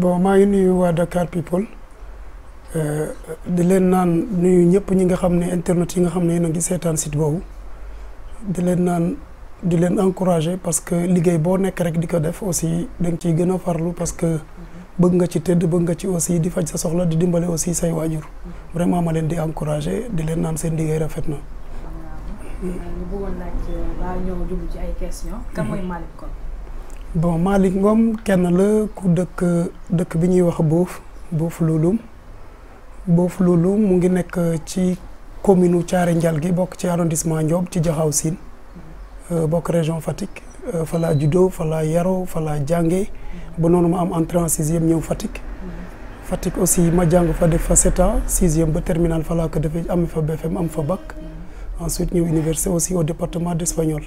bon maa ngi nuyu waa Dakar People euh, di leen naan nuyu ñëpp ñi nga xam ne internet yi nga xam ne yéen a ngi seetaan site boobu di leen naan di leen encourager parce que liggéey boo nekk rek di ko def aussi danga nga ciy gën a farlu parce que bëgg nga ci tëdd bëgg nga ci aussi di faj sa soxla di dimbale aussi say waajur vraiment ma leen di encourager di leen naan seen liggéey rafet na. Euh, ñu bon Malick ngoom kenn la ku dëkk dëkk bi ñuy wax Boof Boof Loulou Boof Loulou mu ngi nekk ci commune u Thiaré Ndial gi bokk ci arrondissement Ndiob ci Jaxaw Sine euh, bokk région Fatick euh, fa laa juddoo fa laa yaro fa laa jànge ba noonu ma am entrée en sixième ñëw Fatick Fatick aussi ma jàng fa def fa sept ans sixième ba terminal fa laa ko defee am fa BFM am fa bac ensuite ñëw université aussi au département d'espagnol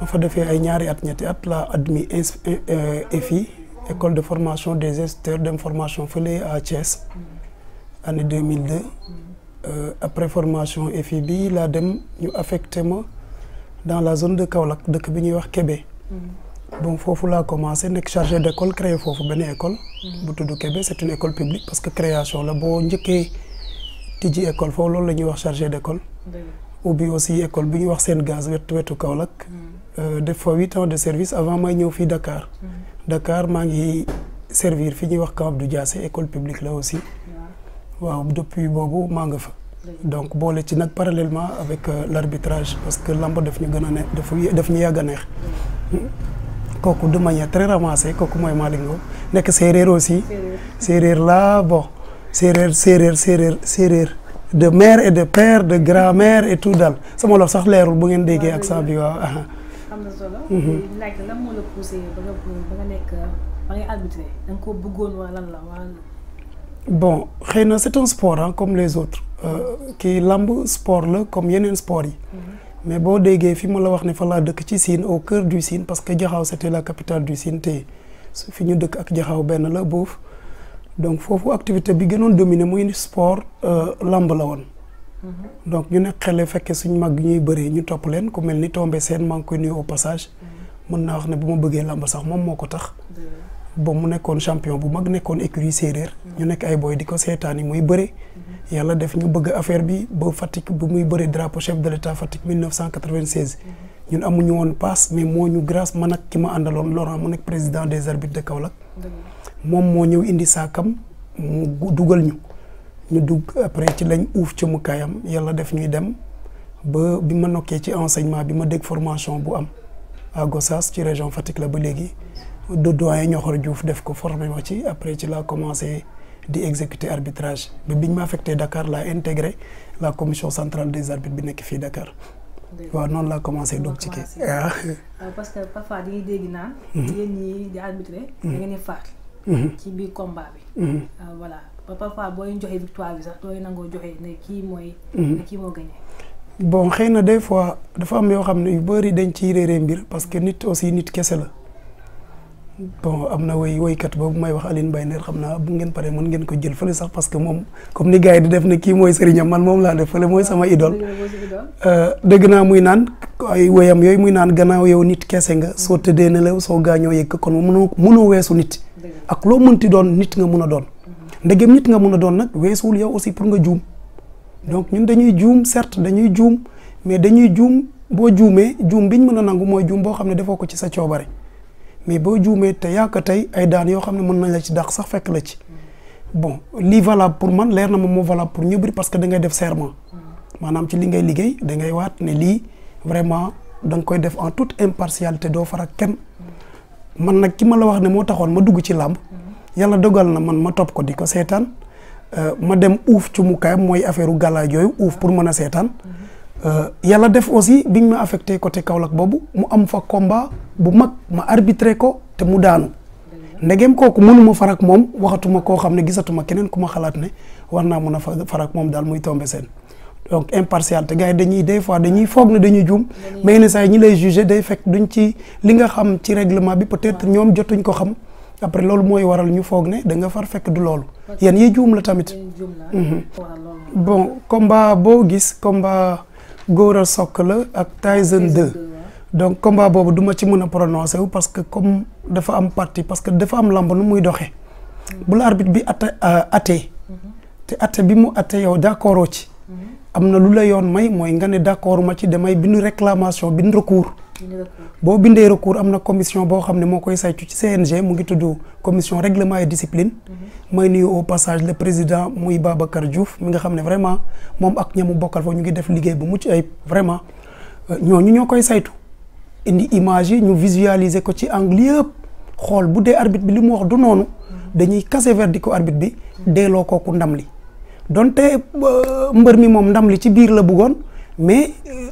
ma fa defee ay ñaari at ñetti at la admis EFI euh, euh, école de formation des gesteurs formation fële à Thiès année 2002 mm. euh, après formation EFI bi laa dem ñu affecté ma dans la zone de Kaolack dëkk bi ñuy wax kebe bon mm. foofu laa commencé nekk chargé d'école créé foofu benn école mm. bu tudd Kébé c'est une école publique parce que création la boo njëkkee tijji école foofu loolu la ñuy wax chargé d'école ubbi aussi école bi ñuy wax seen gaz wetu wetu Euh, def fa huit ans de service avant may ñëw fii Dakar. Mm-hmm. Dakar maa ngi servir fi ñuy wax camp du Diassé école publique la aussi. depuis boobu maa ngi fa. donc boole ci nag parallèlement avec euh, l' arbitrage parce que lamb def ñu gën a neex daf daf ñu hmm. kooku de manière très ramassée kooku mooy Malick nekk séeréer aussi. séeréer la bon séeréer séeréer séeréer de mère de père de grand-mère et tout daal sama loolu sa leerul bu ngeen déggee ak ah, sa bi waaw. am mhm. ko bëggoon wala lan xëy na c'est un sport hein, comme les autres euh, kii làmb sport la comme yeneen sport yi. Mhm. mais boo déggee fi mu la wax ne fa laa dëkk ci Sine au cœur du Sine parce que Diakhao c'était la capitale du Sine te fi ñu dëkk ak Diakhao benn la boof donc foofu activité bi gënoon dominé muy sport euh, làmb la woon. donc ñu ne xele fekkee suñ mag ñuy bëree ñu topp leen ku mel ni tombé seen maa ngi ni au passage mën naa wax ne bu ma bëggee làmb sax moom moo ko tax ba mu nekkoon champion bu mag nekkoon écurie séeréer ñu nekk ay booy di ko seetaan yi muy bëre yàlla def ñu bëgg affaire bi ba Fatick bu muy bëre drapeau chef de l'état Fatick 1996 ñun amuñu woon paas mais moo ñu grâce ma ak ki ma àndaloon Laurent mu nekk président des arbitres de Kaolack moom moo ñëw indi saakam mu ñu ñu dugg après ci lañ uuf ci mu kaayam def ñuy dem ba bi ma nokkee ci enseignement bi ma dégg formation bu am à ci région Fatick la ba léegi du doyen Ñoxor Diouf def ko formé ma ci après ci laa commencé di exécuter arbitrage ba biñ ma affecté Dakar laa intégré la commission centrale des arbitres bi nekk fii Dakar waaw noonu laa commencé dog ci kii waaw ba parfois booy joxe victoire bi sax dooy nangoo joxe ne kii mooy. Mhm. ne kii bon xëy na des fois dafa am yoo xam ne yu bëri dañ ciy réeree mbir parce que nit aussi nit kese la bon am na woy waykat boobu may wax Aline Baye Nder xam naa bu ngeen paree mën ngeen ko jël fële sax parce que moom comme ni gars yi di def ne kii mooy sëriñam man moom laa def fële mooy sama idole dëgg euh, naa muy naan ay woyam yooyu muy naan gannaaw yow nit kese nga soo tëddee ne la soo gaañoo yëg kon mënoo mënoo weesu nit. ak loo mënti doon nit nga mun a doon. ndegem nit nga mun a doon nag weesuwul yow aussi pour nga juum donc ñun dañuy juum certes dañuy juum mais dañuy juum boo juumee juum bi ñu mën a nangu mooy juum boo xam ne defoo ko ci sa coobare mais boo juumee te yaaka tey ay daan yoo xam ne mën nañ la ci dàq sax fekk la ci bon lii valable pour man leer na ma moo valable pour ñu parce que da def serment maanaam ci li ngay liggéey da ngay waat ne lii vraiment da koy def en toute impartialité doo faral kenn man nag ki ma la wax ne moo taxoon ma dugg ci làmb yalla dogal na man ma topp ko di ko seetaan euh, ma dem uuf ci mukaayam mooy affaire u gala yooyu uuf pour mën a seetaan euh, yalla def aussi biñ ma affecté côté Kaolack boobu mu am fa komba bu mag ma arbitré ko te mu daanu ndegem kooku mënuma farak moom waxatuma koo xam ne gisatuma keneen ku ma xalaat ne war naa mën a farak moom daal muy tombé seen donc impartial te gars yi dañuy des fois dañuy foog ne dañuy juum mais yenn saa ñi lay jugé day fekk duñ ci li nga xam ci règlement bi peut-être ñoom jotuñ ko xam après loolu mooy waral ñu foog ne da nga far fekk du loolu yan yi juum la tamit mhm. bon combat boo gis combat Gora Sock ak ak Tyson 2 donc combat boobu duma ci mën a prononcé wu parce que comme dafa am parti parce que dafa am lamb nu muy doxee mhm. bu la arbitre bi euh, atte attee mhm. te atte bi mu atte yow d'accord ci am na lu la yoon may mooy nga ne d'accord ma ci damay bindu réclamation bindu recours boo bindee recours am na commission boo xam ne moo koy saytu ci CNG mu ngi tudd commission règlement et discipline. Mhm. may nuyu au passage le président muy Babacar Diouf mi nga xam ne vraiment moom ak ñamu bokkal foofu ñu bu mucc ayib vraiment euh, dee arbitre li mu wax du noonu mhm. dañuy casser verdict ko arbitre bi mhm. deeloo kooku ndam li donte euh, mbër mi moom ndam li ci biir la bëggoon mais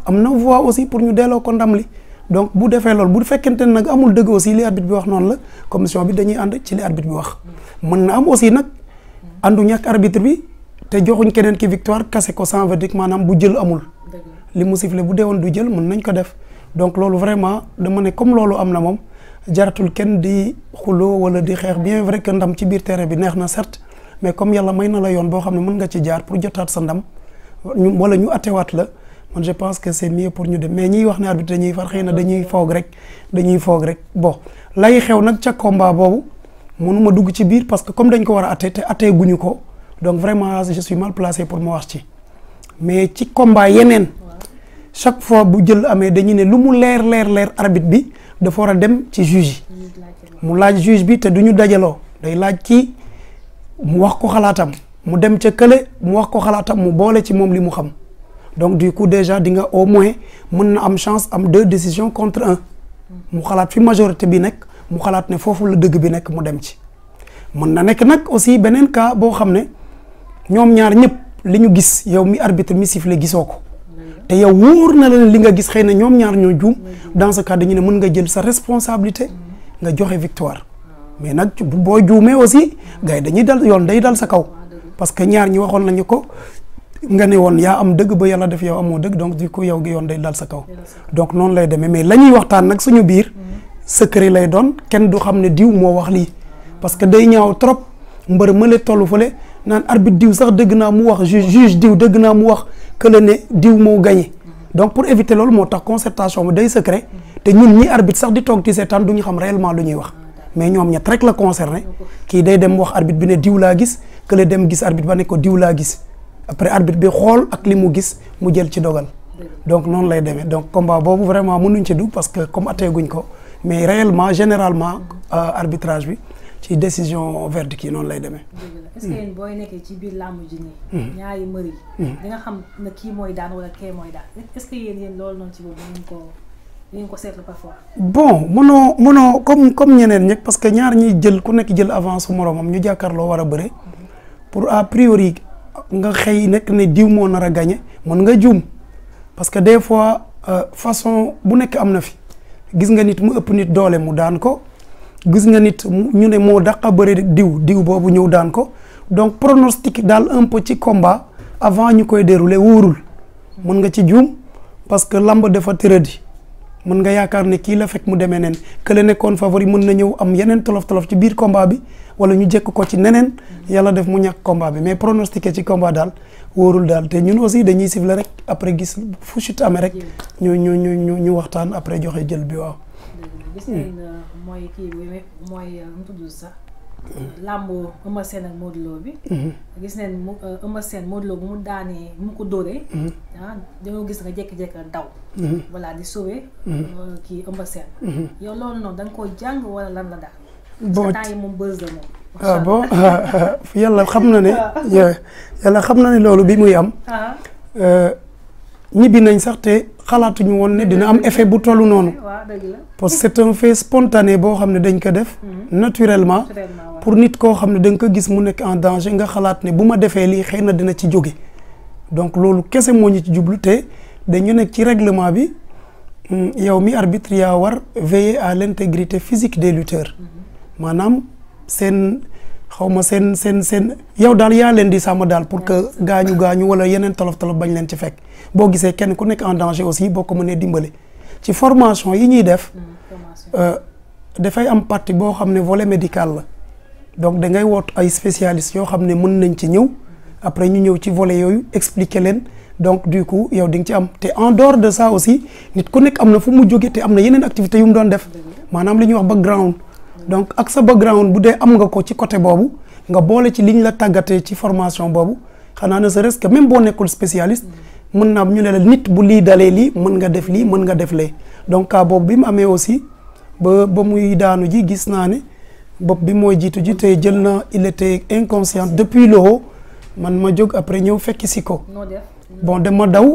euh, na voie aussi ñu deeloo ko ndam li. donc bu defee loolu bu fekkente ne nag amul dëgg aussi li arbitre bi wax noonu la commission bi dañuy ànd ci li arbitre bi wax mën na am aussi nag àndu ñàkk arbitre bi te joxuñ keneen ki victoire kase ko sans verdict maanaam bu jël amul li mu sifflé bu dee woon du jël mën nañ ko def donc loolu vraiment dama ne comme loolu am na moom jaratul kenn di xuloo wala di xeex bien vrai que ndam ci biir terrain bi neex na certes mais comme yàlla may na la yoon boo xam ne mën nga ci jaar pour sa ndam wala ñu attewaat la man je pense que c'est mieux pour ñu dem mais ñiy wax ne arbitre dañuy far xëy na dañuy foog rek dañuy foog rek bon lay xew nag ca combat boobu mënuma dugg ci que comme dañ ko war a atte te ko donc vraiment je suis mal placé pour ma wax ci mais ci combat yeneen chaque fois bu jël amee dañu ne lu mu leer leer leer arbitre bi dafa war a dem ci juge mu laaj juge bi te du ñu dajaloo day laaj kii mu wax ko xalaatam mu dem ca kële mu wax ko xalaatam mu boole ci moom li mu xam donc du coup déjà di nga au moins mun na am chance am deux décisions contre un mu xalaat fi majorité bi nekk mu xalaat ne foofu la dëgg bi nekk mu dem ci mën na nekk nag aussi beneen cas boo xam ne ñoom ñaar ñëpp li ñu gis yow mi arbitre mi sifflé gisoo ko te yow wóor na la li nga gis xëy na ñoom ñaar juum dans ce dañu ne mën nga jël sa responsabilité nga joxe victoire mais nag boo juumee aussi gars yi dañuy dal yoon day dal sa kaw parce que ñaar ñi waxoon nañu ko nga ne woon yaa am dëgg ba yàlla def yow amoo dëgg donc du coup yow gi yoon day dal sa kaw donc noonu lay deme mais la ñuy waxtaan nag suñu biir mm-hmm. secret lay doon kenn du xam ne diw moo wax lii parce que day ñaaw trop mbër mële tollu fële naan arbitre diw sax dëgg naa mu wax juge juge diw dëgg naa mu wax kële ne diw moo gagné mm-hmm. donc pour éviter loolu moo tax concertation bi day secret mm-hmm. te ñun ñi arbitre sax di toog di seetaan du ñu xam réellement lu ñuy wax mais ñoom ñett rek la concerné kii day dem wax arbitre bi ne diw laa gis kële dem gis arbitre ba ne ko diw laa gis après arbitre bi xool ak li mu gis mu jël ci dogal donc noonu lay demee donc combat boobu vraiment mënuñ ci dugg parce que comme atee guñ ko mais réellement généralement euh, arbitrage bi ci décision verdict yi noonu lay demee. est-ce booy nekkee ci biir làmb ji nii. Hmm. ñaari mbër yi. Hmm. di xam na kii mooy daan wala kee mooy daan est-ce que yéen yéen loolu noonu ci boobu ngeen ko ngeen ko seetlu parfois. bon mënoo mënoo comme comme ñeneen ñëpp parce que ñaar ñiy jël ku nekk jël avance su moromam ñu jàkkaarloo war a bëre hmm. pour a priori nga xëy nag ne diw moo nar a gagné mën nga juum parce que des fois euh, façon bu nekk am na fi gis nga nit mu ëpp nit doole mu daan ko gis nga nit ñu ne moo daq a bëri diw diw boobu ñëw daan ko donc pronostic daal un peu ci combat avant ñu koy dérouler wóorul mën nga ci juum parce que lamb dafa tëradi mën nga yaakaar ne kii la fekk mu demee neen que la nekkoon favori mën na ñëw am yeneen tolof tolof ci biir combat bi wala ñu jekk ko ci neneen yàlla def mu ñàkk combat bi mais pronostiqué ci komba daal wóorul daal te ñun aussi dañuy sifle rek après gis fu chute amee rek ñu ñu ñu ñu ñu waxtaan après joxe jël bi waaw. gis euh, mooy kii mooy euh, sax làmb Eumeu Sène ak Modou bi. Mhm. gis neen mu euh, Eumeu Sène Modou Lo bu mu ko dóoree. Mhm. ah dañoo gis nga jékki-jékki daw. Mhm. voilà di sauver. Euh, kii Eumeu Sène. jàng wala lan la daal. bon moom bës la moom. Ah yàlla xam na ne. yàlla xam na ne loolu bi muy am. Ah. Euh, ñibbi nañ sax te xalaatuñu woon ne dina am effet bu tollu noonu. parce que c'est spontané boo xam ne dañ ko def. naturellement. pour nit koo xam ne da nga ko gis mu nekk en nga xalaat ne bu ma defee lii xëy na dina ci jóge donc loolu kese moo ñu ci jublu te dañu nekk ci réglement bi yow mi arbitre yaa war veiller à l'intégrité physique des lutteurs mm-hmm. maanaam seen xawma seen seen seen yow daal yaa leen di sàmm daal pour que gaañu gaañu wala yeneen tolof tolof bañ leen ci fekk boo gisee kenn ku nekk en aussi boo ko mënee dimbale ci formation yi ñuy def mm, euh, dafay am partie boo xam ne volet médical la donc da ngay woot ay spécialistes yoo xam ne mën nañ ci ñëw après ñu ñëw ci vole yooyu expliquer leen donc du coup yow di nga ci am te en dehors de ça aussi nit ko nekk am na fu mu jógee te am na yeneen activités yu mu doon def maanaam li ñuy wax background donc ak sa background bu dee am nga ko ci côté boobu nga boole ci liñ la tàggatee ci formation boobu xanaa ne sa ce que même boo nekkul spécialiste mën naa ñu ne la nit bu lii dalee lii mën nga def lii mën nga def lee donc boobu bi mu amee aussi ba ba muy daanu ji gis naa ne bopp bi mooy jiitu ji te jël na il était inconscient depuis le man ma jóg après ñëw fekki si ko bon dama daw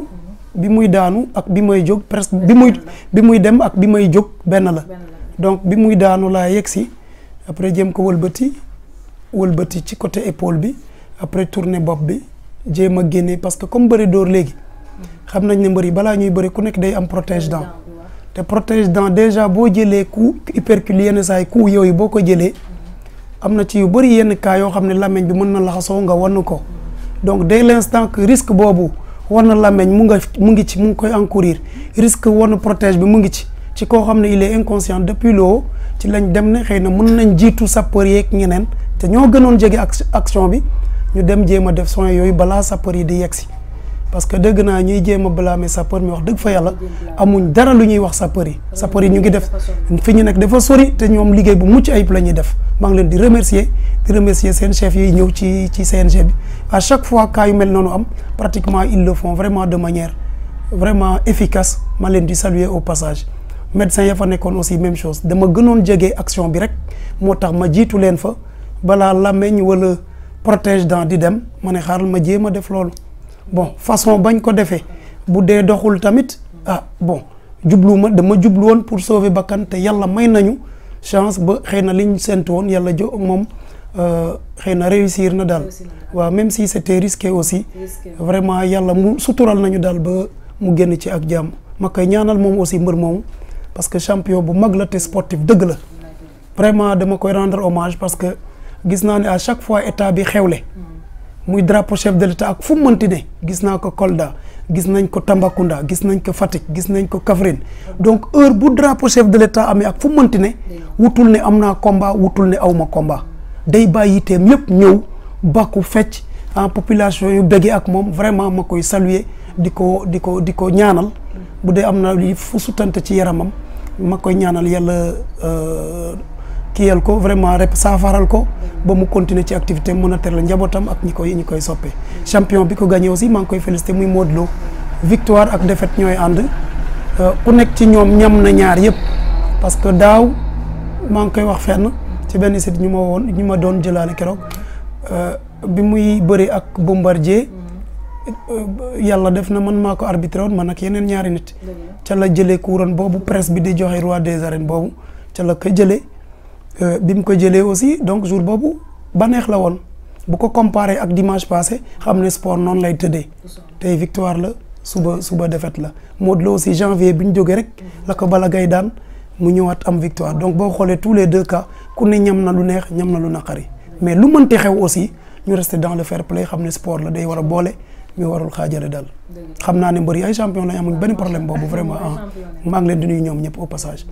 bi muy daanu ak bi may jóg presque bi muy bi muy dem ak bi may jóg benn la donc bi muy daanu laa yegg si après jëm ko wëlbati wëlbati ci côté épaule bi après tourner bopp bi jéem a génne parce que comme bëri dóor léegi mm-hmm. xam nañ ne mbër yi balaa ñuy bëri ku nekk day am protège-dents te protège dents déjà boo jëlee ku hypercule yenn saa yi ku yooyu boo ko jëlee am na ci yu bëri yenn cas yoo xam ne làmmiñ bi mën na laxasoo nga wann ko donc dès l'instant que risque boobu war na làmmiñ mu nga mu ngi ci mu ngi koy encourir risque wann protège bi mu ngi ci ci koo xam ne il est inconscient depuis le ci lañ dem ne xëy na mën nañ jiitu sapeur yeeg ñeneen te ñoo gënoon jege action bi ñu dem jéem a def soins yooyu balaa sapeur yi di si parce que dëgg naa ñuy jéem a blâmer sapeur mais wax dëgg fa yàlla amuñ dara lu ñuy wax sapeur yi sapeur yi ñu ngi def fi ñu nekk dafa sori te ñoom liggéey bu mucc ayib la ñuy def maa ngi leen di remercier di seen chef yi ñëw ci ci CNG bi à chaque fois cas yu mel noonu am pratiquement ils le font vraiment de manière vraiment efficace ma leen di saluer au passage médecin ya fa nekkoon aussi même chose dama gënoon jege action bi rek moo tax ma jiitu leen fa balaa làmmeñ wala protège dent di dem ma ne xaaral ma jéem a bon façon bañ ko defee bu dee doxul tamit ah bon jublu ma dama jublu woon pour sauver bakkan te yàlla may nañu chance ba xëy na liñ séntu woon yàlla jo moom euh, xëy na réussir na daal waaw même si c'était risqué aussi vraiment yàlla mu sutural nañu daal ba mu génn ci ak jàmm ma koy ñaanal moom aussi mbër moomu parce que champion bu mag la te sportif dëgg la vraiment dama koy rendre hommage parce que gis naa ne à chaque fois état bi xewle mm. muy drapeau chef de l'État ak fu mu mënti ne gis naa ko Kolda gis nañ ko Tambacounda gis nañ ko Fatick gis nañ ko Kaffrine donc heure bu drapeau chef de l'État amee ak fu mu ne wutul ne am naa komba wutul ne awma komba day bàyyi yiteem yëpp ñëw bàkku fecc en ah, population yu béggee ak moom vraiment ma koy saluer di ko di ko di ko ñaanal bu dee am na li fu sutante ci yaramam ma koy ñaanal yàlla euh, kiyal ko vraiment rek saafaral ko ba mu continuer ci activité mën a teral njabootam ak ñi koy ñi koy soppe champion bi ko gagné aussi maa ngi koy félicité muy Modou Lo victoire ak défaite ñooy ànd euh, ku nekk ci ñoom ñam na ñaar yëpp parce que daaw maa ngi koy wax fenn ci benn site ñu ma woon ñu ma doon jëlaale keroog euh, bi muy bëri ak bombardier euh, yàlla def na man maa ko arbitré woon man ak yeneen ñaari nit ca la jëlee couronne boobu presse bi di joxe roi des arènes boobu ca la ko jëlee Euh, bi mu ko jëlee aussi donc jour boobu ba baneex la woon bu ko comparer ak dimanche passé xam ne sport noonu lay tëddee tey victoire la suba suba défaite la Modou la aussi janvier bi ñu jógee rek la ko bala gay daan mu ñëwaat am victoire donc boo xoolee tous les de cas ku ne ñam na lu neex ñam na lu naqari mais lu mënti xew aussi ñu rester dans le fair play xam ne sport la day war a boole ñu warul xaajale daal xam naa ne mbër yi ay champion lañ amuñ benn problème boobu ah. maa ngi leen di nuyu ñoom ñëpp au passage